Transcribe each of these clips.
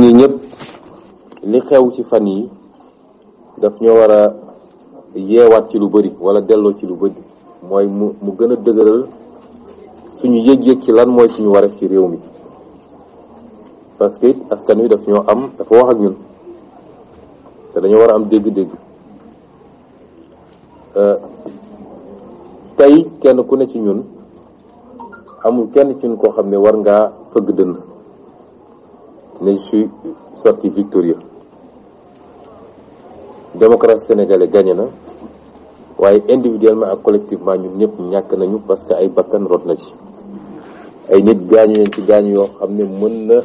ñi ñëpp li xew ci fan yi daf ñoo war a yeewaat ci lu bëri wala delloo ci lu bëri mooy mu mu gën a dëgëral suñu yëg-yëg ci lan mooy suñu wareef ci réew mi parce que it askan wi daf ñoo am dafa wax ak ñun te dañoo war a am dégg-dégg euh, tey kenn ku ne ci ñun amul kenn ci ñun koo xam ne war ngaa fëgg dënn mais je suis sorti victorieux démocratie sénégalaise gagné na waaye individuellement ak collectivement ñun ñëpp ñàkk nañu parce que ay bàkkan rot na ci ay nit gaañu leen ci gaañu yoo xam ne mën na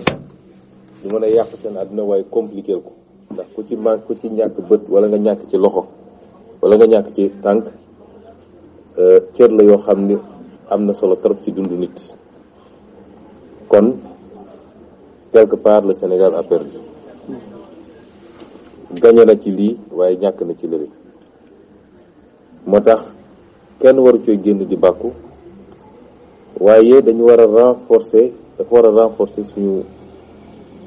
ñu mën a yàq seen àdduna waaye compliqué ko ndax ku ci manque ku ci ñàkk bët wala nga ñàkk ci loxo wala nga ñàkk ci tànk euh, cër la yoo xam ni am na solo trop ci dundu nit kon quelque part la Sénégal a perdu na ci lii waaye ñàkk na ci lële moo tax kenn waru cooy génn di bàkku waaye dañu war a renforcer dafa war a renforcer suñu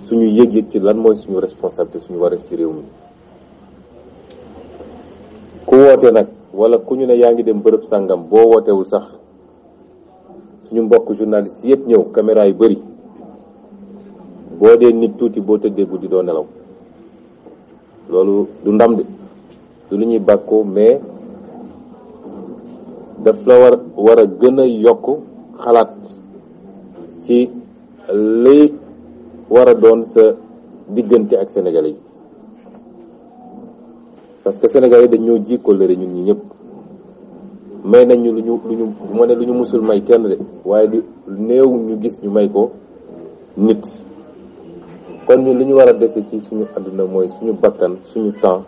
suñu yëg-yëg ci lan mooy suñu responsabilité suñu wareef ci réew mi ku woote nag walla ku ñu ne yaa ngi dem bërëb sàngam boo wootewul sax suñu mbokk journaliste yëpp ñëw caméra yu bari boo dee nit tuuti boo tëddee di doo nelaw loolu du ndam de lu ñuy bàkkoo mais daf la war war a gën a yokk xalaat ci li war a doon sa diggante ak Sénégalais yi parce que Sénégalais yi dañ dañoo ji kóllëre ñun ñi ñëpp may nañ ñu lu ñu lu ñu ma ne lu ñu musul may kenn de waaye du néew ñu gis ñu may ko nit kon ñun li ñu war a dese ci suñu àdduna mooy suñu bakkan suñu temps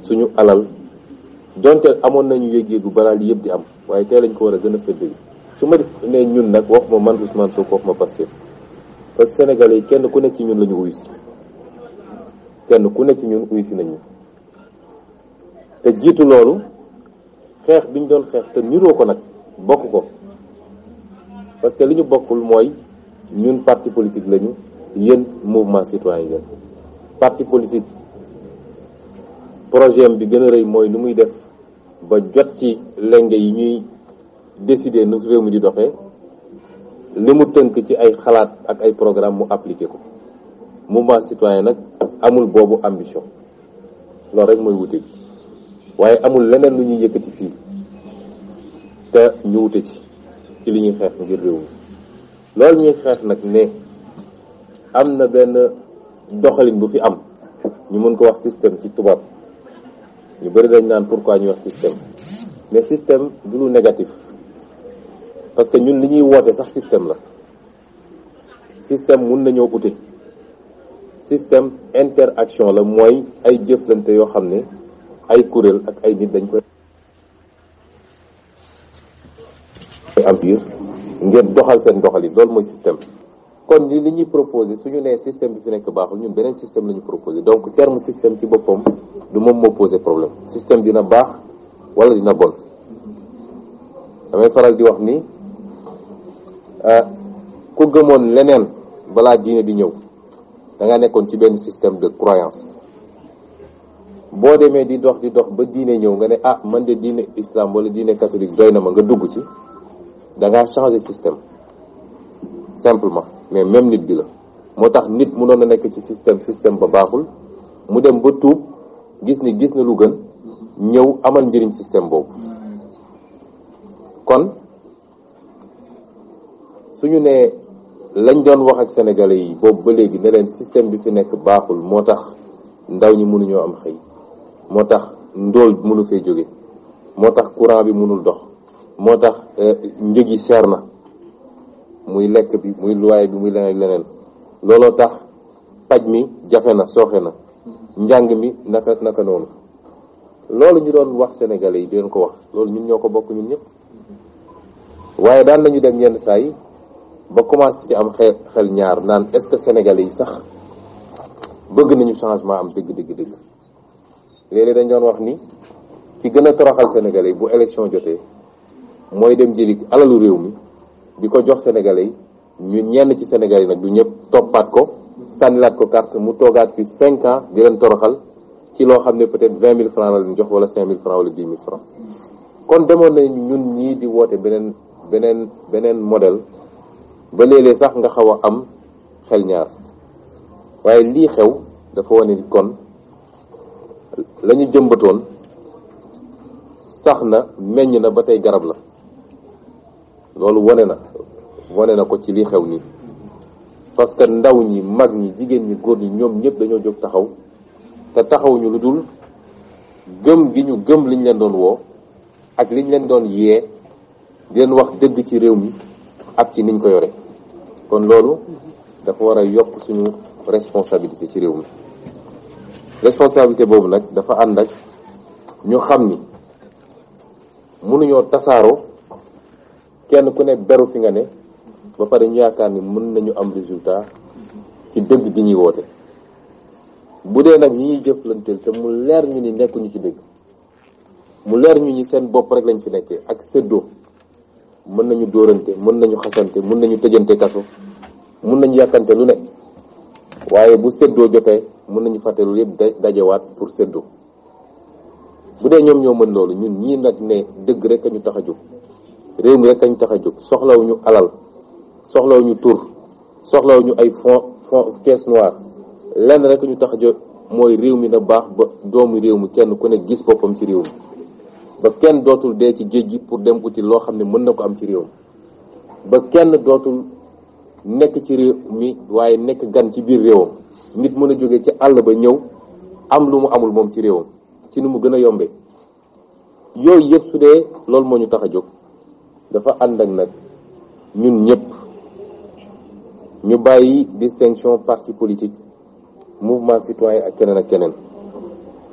suñu alal donte amoon nañu yëg-yëgu balaa lii yëpp di am waaye tey lañ ko war a gën a fëddali su ma ne ñun nag wax ma man Ousmane su wax ma Pastef parce que Sénégalais yi kenn ku nekk ci ñun la ñu uyusi kenn ku nekk ci ñun uyusi nañu te jiitu loolu xeex bi ñu doon xeex te niroo ko nag bokk ko parce que li ñu bokkul mooy ñun parti politique lañu yéen mouvement citoyen yi parti politique projet bi gën a rëy mooy nu muy def ba jot ci lenge yi ñuy décider nu réew mi di doxe li mu tënk ci ay xalaat ak ay programme mu appliqué ko mouvement citoyen nag amul boobu ambition loolu rek mooy wute ji waaye amul leneen lu ñuy yëkkati fii te ñu wute ci ci li ñuy xeex ngir réew mi loolu ñuy xeex nag ne am na benn doxalin bu fi am ñu mën ko wax système ci tubaab ñu bëri dañ naan pourquoi ñu wax système mais système du lu négatif parce que ñun li ñuy woote sax système la système mun nañoo ute système interaction la mooy ay jëflante yoo xam ne ay kuréel ak ay nit dañ koy am ngir doxal seen doxalin loolu mooy système kon li li ñuy proposé suñu nee système bi fi nekk baaxul ñun beneen système la ñu proposé donc terme système ci boppam du moom moo posé problème système dina baax wala dina bon damay faral di wax ni euh, ku gëmoon leneen balaa diine di ñëw da nga nekkoon ci benn système de croyance boo demee di dox di dox ba diine ñëw nga ne ah man de diine islam wala diine catholique doy na ma nga dugg ci da ngaa changer système simplement mais même nit bi la moo tax nit mënoon a nekk ci système système ba baaxul mu dem ba tuub gis ni gis na lu gën ñëw amal njëriñ système boobu kon suñu nee lañ doon wax ak sénégalais yi boobu ba léegi ne leen système bi fi nekk baaxul moo tax ndaw ñi mënuñoo am xëy moo tax ndóol mënu fee jóge moo tax courant bi mënul dox moo tax euh, njëg yi cher na muy lekk bi muy luwaay bi muy leneen leneen looloo tax paj mi jafe na sooxe na njàng mi naka naka noonu loolu ñu doon wax sénégalais yi di leen ko wax loolu ñun ñoo ko bokk ñun ñëpp waaye daan nañu dem yenn saa yi ba commencé ci am xel xel ñaar naan est-ce que sénégalais yi sax bëgg nañu changement am dëgg dëgg dëgg léeg dañ doon wax ni ki gën a toroxal sénégalais yi bu élection jotee mooy dem jëli alalu réew mi di ko jox sénégalais yi ñu ñenn ci sénégalais yi nag du ñëpp toppaat ko sànnilaat ko carte mu toogaat fi cinq ans di leen toroxal ci loo xam ne peut-être vingt mille francs la leen jox wala cinq mille francs wala dix mille kon demoon nañ ñun ñii di woote beneen beneen beneen modèle ba léeg sax nga xaw a am xel ñaar waaye lii xew dafa wane kon lañu ñu jëmbatoon sax na meññ na ba tey garab la loolu wane na wane na ko ci li xew nii parce que ndaw ñi mag ñi jigéen ñi góor ñi ñoom ñëpp dañoo jóg taxaw te taxawuñu lu dul gëm gi ñu gëm liñ leen doon woo ak liñ leen doon yee di leen wax dëgg ci réew mi ak ci niñ ko yore kon loolu dafa war a yokk suñu responsabilité ci réew mi responsabilité boobu nag dafa ànd ak ñu xam ni mënuñoo tasaaroo kenn ku nekk beru fi nga ne ba pare ñu yaakaar ni mën nañu am résultat ci dëgg gi ñuy woote bu dee nag ñi ñuy jëflanteel te mu leer ñu ni nekkuñu ci dëgg mu leer ñu ñi seen bopp rek lañ fi nekkee ak séddoo mën nañu dóorante mën nañu xasante mën nañu tëjante kaso mën nañu yàkkante lu ne waaye bu séddoo jotee mën nañu fàtte loolu yëpp dajewaat pour séddoo bu dee ñoom ñoo mën loolu ñun ñii nag ne dëgg rek a ñu tax a jóg réew mi rek kañ tax a jóg soxlawuñu alal soxlawuñu tur soxlawuñu ay fond fond caisse noire lenn rek ñu tax a jóg mooy réew mi na baax ba doomu réew mi kenn ku ne gis boppam ci réew mi ba kenn dootul dee géej gi pour dem uti loo xam ne mën na ko am ci réew ba kenn dootul nekk ci réew mi waaye nekk gan ci biir réewam nit mën a jóge ci àll ba ñëw am lu mu amul moom ci réewam ci ni mu gën a yombee yooyu yëpp su dee loolu moo ñu tax a jóg dafa ànd ak nag ñun ñëpp ñu bàyyi distinction parti politique mouvement citoyen ak keneen ak keneen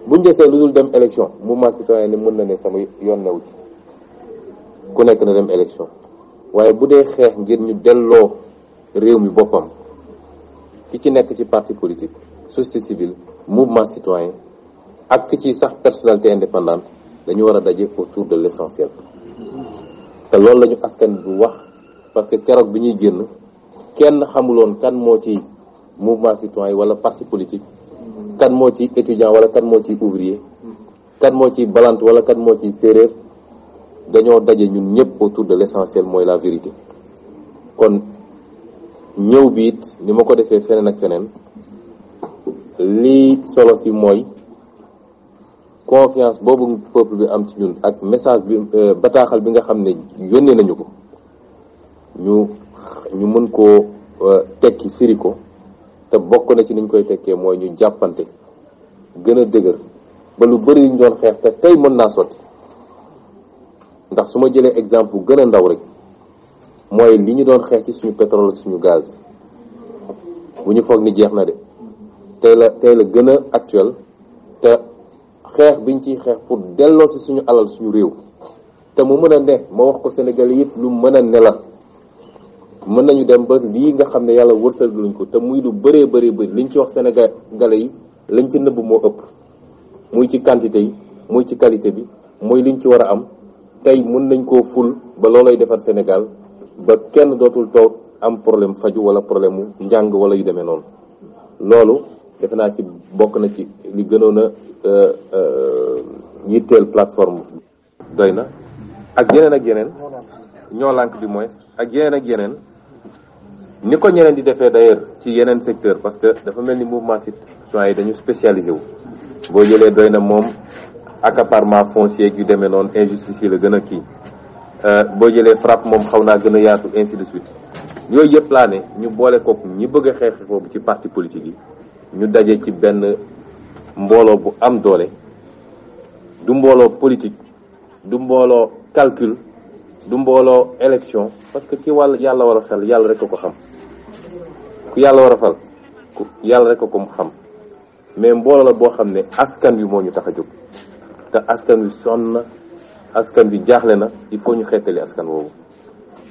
bu desee lu dul dem élection mouvement citoyen ni mën na ne sama yoon newu ci ku nekk na dem élection waaye bu dee xeex ngir ñu delloo réew mi boppam ki ci nekk ci parti politique société civile mouvement citoyen ak ki ci sax personnalité indépendante dañu war a daje autour de l'essentiel te loolu lañu ñu askan bi wax parce que keroog bi ñuy génn kenn xamuloon kan moo ci mouvement citoyen wala parti politique kan moo ci étudiant wala kan moo ci ouvrier kan moo ci balante wala kan moo ci séeréer dañoo daje ñun ñëpp autour de l'essentiel mooy la vérité kon ñëw bi it ni ma ko defee feneen ak feneen li solo si mooy confiance boobu peuple bi am ci ñun ak message bi euh, bataaxal bi nga xam ne yónnee nañu ko ñu mën koo euh, tekki firi ko te bokk na ci niñ koy tekkee mooy ñu jàppante gën a dëgër ba lu bëri ñu doon xeex te tey mën naa sotti ndax su ma jëlee exemple bu gën ndaw rek mooy li ñu doon xeex ci suñu pétrole suñu gaz bu ñu foog ni jeex na de tey la tey la gën a actuel te xeex ñu ciy xeex pour delloo si suñu alal suñu réew te mu mën a ne ma wax ko Sénégalais yëpp lu mën a ne la mën nañu dem ba lii nga xam ne yàlla wërsëg luñ ko te muy lu bëree bëri bëri liñ ci wax Sénégalais yi lañ ci nëbb moo ëpp muy ci quantité yi muy ci qualité bi mooy liñ ci war a am tey mun nañ koo ful ba loolay defar Sénégal ba kenn dootul toog am problème faju wala problème mu njàng wala yu demee noonu loolu defe naa ci bokk na ci li gënoon Euh, euh, yitteel plateforme doy na ak yeneen ak yeneen ñoo lànk bi moins ak yeneen ak yeneen ni ko ñeneen di defee d'ailleurs ci yeneen secteur parce que dafa mel ni mouvement citoyen yi dañu spécialisé wu boo jëlee doy na moom accaparement foncier yu demee noonu injustice yi la gën a kii euh, boo jëlee frappe moom xaw naa gën a yaatu ainsi de suite yooyu yëpp laa ne ñu boole kook ñi bëgg a xeex foofu ci parti politique yi ñu daje ci benn mbooloo bu am doole du mbooloo politique du mbooloo calcul du mbooloo élection parce que ki wàll yàlla war a fal yàlla rek a ko xam ku yàlla war a fal ku yàlla rek a ko xam mais mbooloo la boo xam ne askan wi moo ñu tax a jóg te askan wi sonn askan bi jaaxle na il faut ñu xeetali askan woowu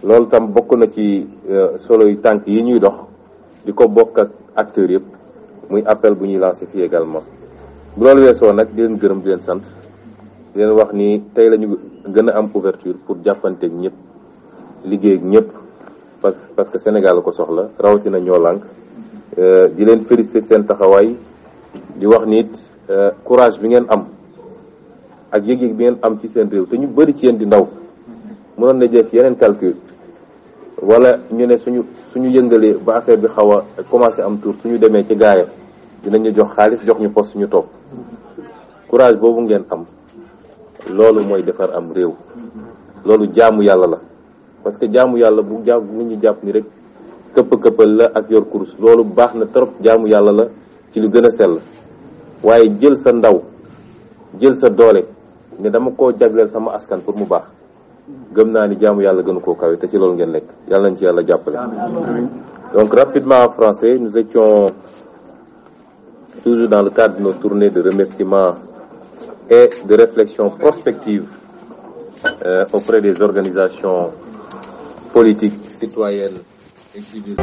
loolu tam bokk na ci euh, solo yu tànk yi ñuy dox di ko bokk ak acteurs yëpp muy appel bu ñuy lancé fii également bu loolu weesoo nag di leen gërëm di leen sant di leen wax nii tey la ñu gën a am ouverture pour jàppanteeg ñëpp liggéey ak ñëpp parce parce que Sénégal ko soxla rawatina ñoo lànk euh, di leen féliciter seen taxawaay di wax nit euh, courage bi ngeen am ak yëg-yëg bi ngeen am ci seen réew te ñu bëri ci yéen di ndaw mënoon na def yeneen calcul wala ñu ne suñu suñu yëngalee ba affaire bi xaw a commencé am tour suñu demee ci gaaya dinañu jox xaalis jox ñu poste ñu toog courage boobu ngeen am loolu mooy defar am réew loolu jaamu yàlla la parce que jaamu yàlla bu jàpp nit ñi jàpp ni rek këpp këppal la ak yor kurus loolu baax na trop jaamu yàlla la ci lu gën a sell waaye jël sa ndaw jël sa doole ne dama koo jagleel sama askan pour mu baax gëm naa ni jaamu yàlla gënu koo kawe te ci loolu ngeen nekk yàlla nañ ci yàlla jàppale donc rapidement français nous étions toujours dans le cadre de nos tournées de remerciements et de réflexion prospective euh, auprès des organisations politiques, citoyennes et civiles.